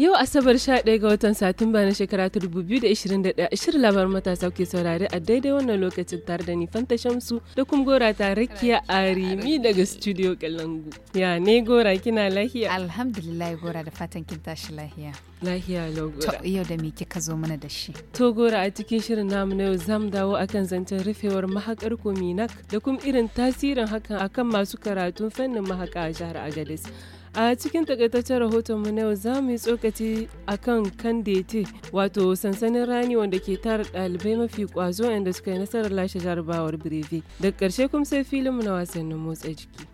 Yau Asabar 11 ga watan Satumba na shekara ta 2021 shirin labar matasa ke saurare a daidai wannan lokacin tare da nifan Fanta Shamsu da kuma Gora ta Rakiya Arimi daga Studio Kalangu. Ya ne Gora kina lahiya? Alhamdulillah Gora da fatan kin tashi lahiya. Lahiya lau Gora. yau da me kika zo mana da shi? To Gora a cikin shirin namu na yau zamu dawo akan zancen rufewar mahakar Kominak da kuma irin tasirin hakan akan masu karatun fannin mahaka a jihar Agadez. A cikin takaitaccen rahotonmu na yau za mu yi tsokaci a kan Kandete wato sansanin rani wanda ke tara ɗalibai mafi ƙwazo inda suka yi nasarar lashe jarabawar Brevi. Daga ƙarshe kuma sai filinmu na wasannin motsa jiki.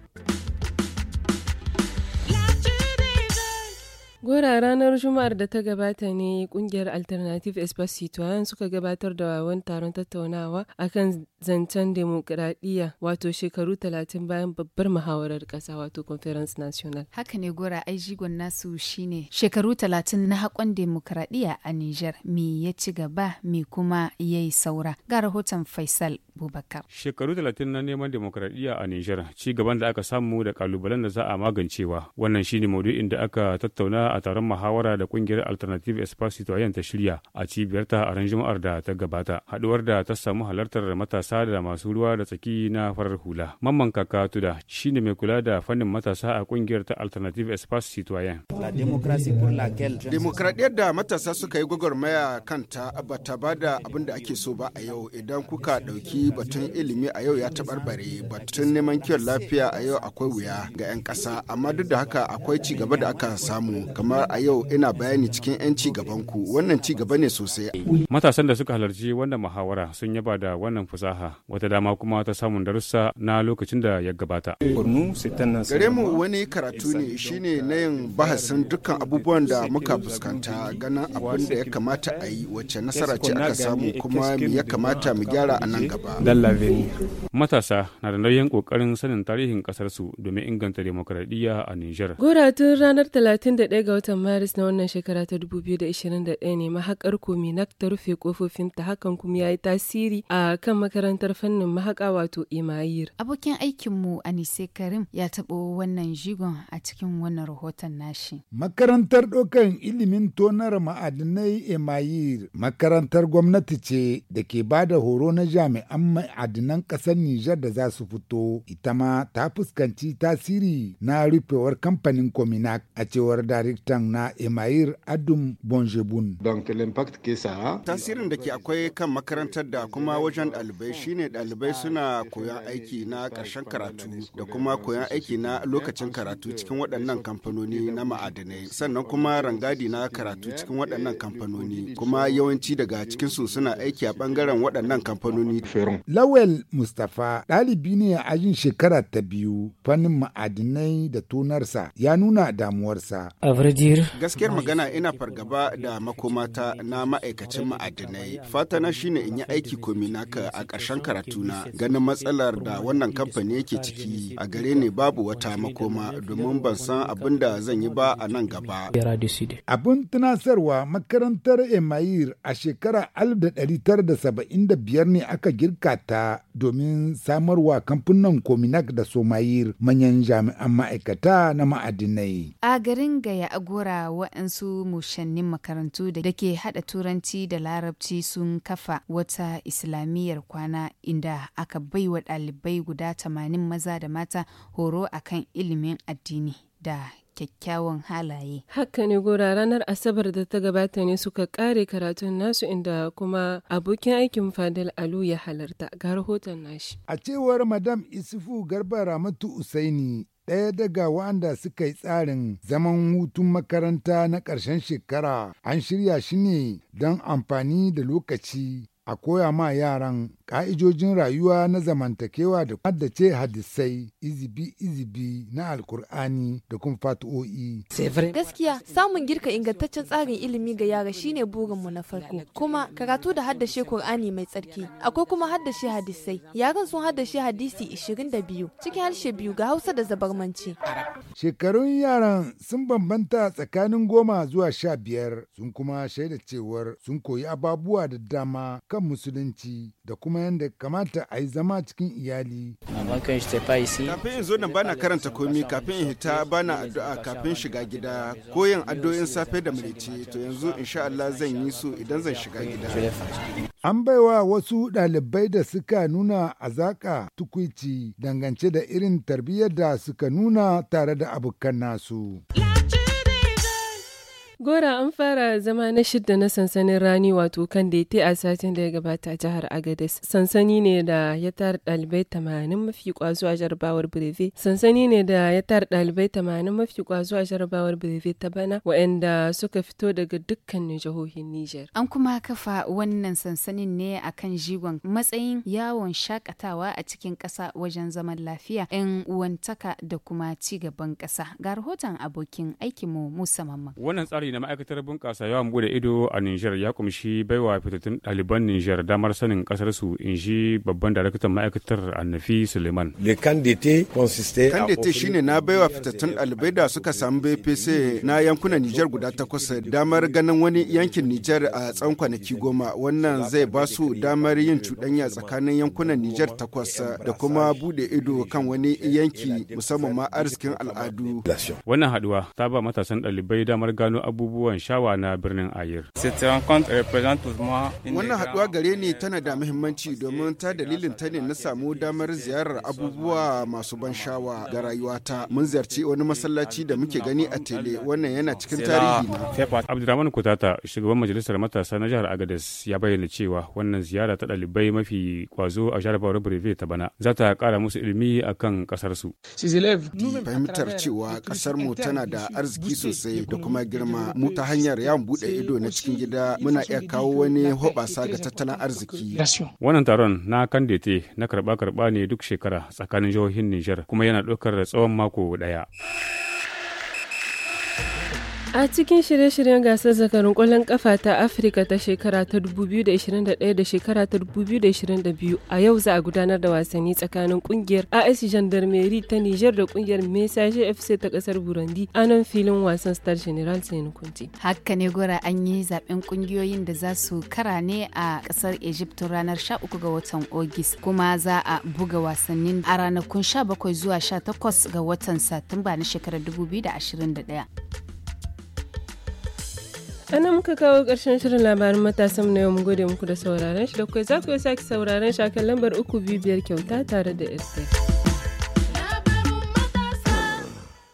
Gora ranar Juma'ar da ta gabata ne kungiyar Alternative Espace Citoyen suka gabatar da wani taron tattaunawa a kan zancen demokradiyya wato shekaru talatin bayan babbar muhawarar kasa wato Conference National. Haka ne Gora ai jigon nasu shine shekaru talatin na hakon demokradiyya a nijar me ya ci gaba me kuma ya yi saura. Ga rahoton Faisal Bubakar. Shekaru talatin na neman demokradiyya a nijar ci gaban da aka samu da kalubalen da za a magancewa wannan shine maudu'in da aka tattauna a taron muhawara da kungiyar Alternative Espace ta shirya a cibiyarta a ran Juma'ar da ta gabata. Haduwar da ta samu halartar matasa da masu ruwa da tsaki na farar hula. Mamman Kaka Tuda shine mai kula da fannin matasa a kungiyar ta Alternative Espace Citoyen. Demokradiyyar da matasa suka yi gwagwarmaya kanta ba ta ba da abin da ake so ba a yau idan kuka ɗauki batun ilimi a yau ya taɓarɓare batun neman kiwon lafiya a yau akwai wuya ga 'yan ƙasa amma duk da haka akwai ci gaba da aka samu kamar a yau ina bayani cikin 'yan ci gaban ku wannan ci gaba ne sosai. Matasan da suka halarci wannan muhawara sun yaba da wannan fasaha wata dama kuma ta samun darussa na lokacin da ya gabata. Gare mu wani karatu ne shine na yin bahasin dukkan abubuwan da muka fuskanta ganin abin da ya kamata a yi wacce nasara ce aka samu kuma ya kamata mu gyara a nan gaba. Matasa na da nauyin kokarin sanin tarihin kasarsu domin inganta demokradiyya a Nijar. Gora tun ranar 31 ga watan Maris na wannan shekara ta 2021 ne mahakar Kominak ta rufe kofofin ta hakan kuma ya yi tasiri a kan makarantar fannin mahaka wato Imayir. Abokin aikinmu Anise Karim ya taɓo wannan jigon a cikin wannan rahoton nashi. Makarantar ɗaukan ilimin tonar ma'adinai Imayir makarantar gwamnati ce da ke ba da horo na jami'an ma'adinan ƙasar Nijar da za su fito ita ma ta fuskanci tasiri na rufewar kamfanin Kominak a cewar darik rahoton na Emair Adum Bonjebun. Tasirin da ke akwai kan makarantar da kuma wajen ɗalibai shine ɗalibai suna koyan aiki na ƙarshen karatu da kuma koyan aiki na lokacin karatu cikin waɗannan kamfanoni na ma'adanai sannan kuma rangadi na karatu cikin waɗannan kamfanoni kuma yawanci daga cikinsu suna aiki a bangaren waɗannan kamfanoni. lawal Mustapha ɗalibi ne a ajin shekara ta biyu fannin ma'adinai da tonarsa ya nuna damuwarsa. Gaskiyar magana ina fargaba da makomata na ma'aikacin ma'adinai. Fata na shine in yi aiki komi naka a ƙarshen karatuna ganin matsalar da wannan kamfani yake ciki a gare ne babu wata makoma domin ban san abin da zan yi ba a nan gaba. Abin tunasarwa makarantar Emayir a shekara da da da tara saba'in biyar ne aka girka ta domin samarwa kamfanin Kominak da Somayir manyan jami'an ma'aikata na ma'adinai. A garin Gaya a gora wa'ansu mushannin makarantu da ke haɗa turanci da larabci sun kafa wata islamiyyar kwana inda aka bai wa ɗalibai guda tamanin maza da mata horo akan ilimin addini da kyakkyawan halaye. Haka ne gora ranar Asabar da ta gabata ne suka kare karatun nasu inda kuma abokin aikin Fadil Alu ya halarta ga rahoton nashi. A cewar Madam Isufu Garba Ramatu Usaini ɗaya daga waɗanda suka yi tsarin zaman hutun makaranta na ƙarshen shekara an shirya shi ne don amfani da lokaci a koya ma yaran ƙa'ijojin rayuwa na zamantakewa da haddace hadisai izibi-izibi na alkur'ani da kuma fatu'o'i. Gaskiya samun girka ingantaccen tsarin ilimi ga yara shine burinmu na farko. Kuma karatu da haddashe Kur'ani mai tsarki. Akwai kuma haddace hadisai. Yaran sun haddashe hadisi biyu, cikin harshe biyu ga Hausa da Zabarmanci. Shekarun yaran sun bambanta tsakanin goma zuwa sha biyar sun kuma shaida cewar sun koyi ababuwa da dama kan musulunci da kuma kuma yadda kamata a yi zama cikin iyali. Kafin in zo nan bana karanta komi kafin in hita bana addu'a kafin shiga gida ko yin addu'o'in safe da mulki to yanzu insha Allah zan yi su idan zan shiga gida. An baiwa wasu ɗalibai da suka nuna azaka tukuici dangance da irin tarbiyyar da suka nuna tare da abokan nasu. Gora an fara zama na shidda na sansanin rani wato kan daite a satin da ya gabata a jihar Agadez. Sansani ne da ya tara ɗalibai tamanin mafi kwazo a jarabawar Breve. Sansani ne da ya tara ɗalibai tamanin mafi kwazo a jarabawar Breve ta bana waɗanda suka fito daga dukkanin jihohin Niger. An kuma kafa wannan sansanin ne a kan jigon matsayin yawon shakatawa a cikin ƙasa wajen zaman lafiya, 'yan uwantaka da kuma ci gaban ƙasa. Ga rahoton abokin aikinmu Musa Mamman. tsari na ma'aikatar bunƙasa yawan bude ido a Nijar ya kumshi baiwa fitattun ɗaliban Nijar damar sanin ƙasar su in ji babban daraktan ma'aikatar Annafi Suleiman. Kandete shine na baiwa fitattun ɗalibai da suka samu BPC na yankunan Nijar guda takwas damar ganin wani yankin Nijar a tsawon kwanaki goma wannan zai ba su damar yin cuɗanya tsakanin yankunan Nijar takwas da kuma bude ido kan wani yanki musamman ma arzikin al'adu. Wannan haɗuwa ta ba matasan ɗalibai damar gano abu abubuwan shawa na birnin Ayir. Wannan haɗuwa gare ni tana da muhimmanci domin ta dalilin ta ne na samu damar ziyarar abubuwa masu ban shawa ga rayuwata. Mun ziyarci wani masallaci da muke gani a tele wannan yana cikin tarihi na. Abdulrahman Kutata shugaban majalisar matasa na jihar Agadez ya bayyana cewa wannan ziyara ta ɗalibai mafi kwazo a jarabawar Brevet ta bana za ta ƙara musu ilimi akan ƙasarsu. Fahimtar cewa ƙasarmu tana da arziki sosai da kuma girma mu ta hanyar yawon buɗe ido na cikin gida muna iya kawo wani hoɓasa ga tattalin arziki. Wannan taron na kandete na karɓa-karɓa ne duk shekara tsakanin jihohin Nijar kuma yana ɗaukar da tsawon mako ɗaya. A cikin shirye-shiryen gasar zakarun kwallon kafa ta Afirka ta shekara ta 2021 da shekara ta 2022 a yau za a gudanar da wasanni tsakanin kungiyar AS Gendarmerie ta Niger da kungiyar messager FC ta kasar Burundi a nan filin wasan Star General Sani Kunti. Haka ne gora an yi zaben kungiyoyin da za su kara ne a kasar Egypt ranar 13 ga watan Ogis kuma za a buga wasannin a ranakun 17 zuwa 18 ga watan Satumba na shekarar 2021. ana muka kawo ƙarshen shirin labarin matasan na yau mu gode muku da sauraron shi da kai za ku sake sauraron shakan lambar uku biyu biyar kyauta tare da estate